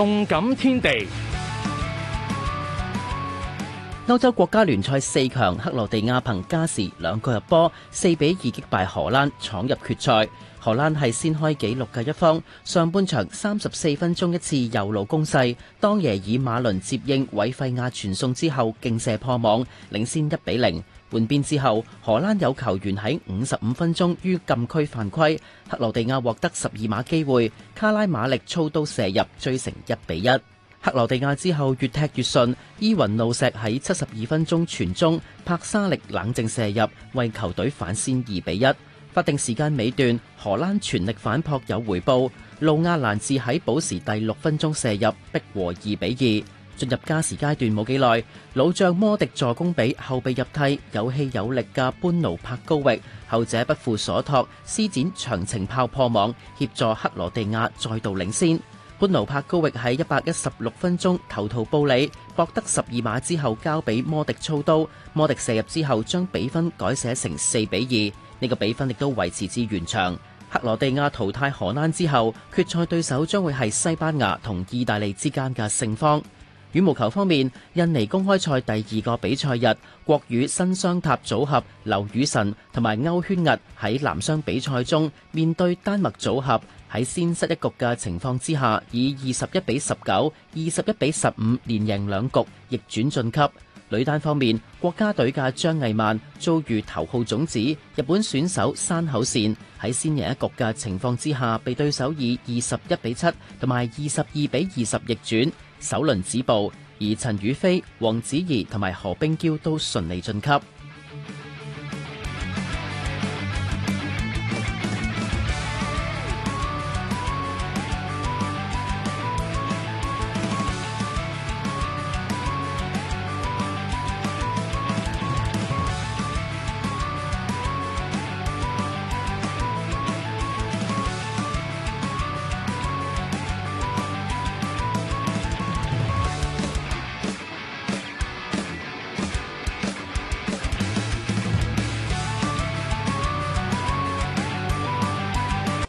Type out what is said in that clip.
動感天地，歐洲國家聯賽四強克羅地亞憑加時兩個入波，四比二擊敗荷蘭闖入決賽。荷蘭係先開紀錄嘅一方，上半場三十四分鐘一次右路攻勢，當耶爾馬倫接應韋費亞傳送之後勁射破網，領先一比零。換邊之後，荷蘭有球員喺五十五分鐘於禁區犯規，克羅地亞獲得十二碼機會，卡拉瑪力操刀射入追成一比一。克羅地亞之後越踢越順，伊雲路石喺七十二分鐘傳中，帕沙力冷靜射入，為球隊反先二比一。法定時間尾段，荷蘭全力反撲有回報，路亞蘭治喺補時第六分鐘射入，逼和二比二。進入加時階段冇幾耐，老將摩迪助攻俾後備入替有氣有力嘅潘奴帕高域，後者不負所託施展長程炮破網，協助克羅地亞再度領先。潘奴帕高域喺一百一十六分鐘頭逃布里博得十二碼之後交俾摩迪操刀，摩迪射入之後將比分改寫成四比二，呢個比分亦都維持至完場。克羅地亞淘汰荷蘭之後，決賽對手將會係西班牙同意大利之間嘅勝方。羽毛球方面，印尼公開賽第二個比賽日，國羽新雙塔組合劉雨辰同埋歐烜屹喺男雙比賽中，面對丹麥組合喺先失一局嘅情況之下以，以二十一比十九、二十一比十五連贏兩局，逆轉晉級。女單方面，國家隊嘅張藝曼遭遇頭號種子日本選手山口茜喺先贏一局嘅情況之下，被對手以二十一比七同埋二十二比二十逆轉，首輪止步。而陳雨菲、王祉怡同埋何冰嬌都順利晉級。